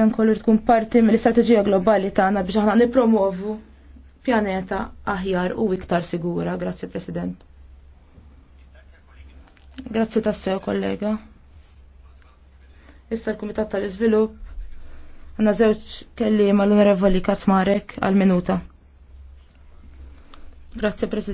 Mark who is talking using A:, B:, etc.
A: dan kollu tkun parti mill-istrateġija globali tagħna biex aħna nippromovu pjaneta aħjar u iktar sigura. Grazzi President. Grazzi tassew kollega. Issa l-Kumitat tal-Iżvilupp għandna żewġ kelliema l-Onorevoli Kasmarek għal-minuta.
B: Grazzi President.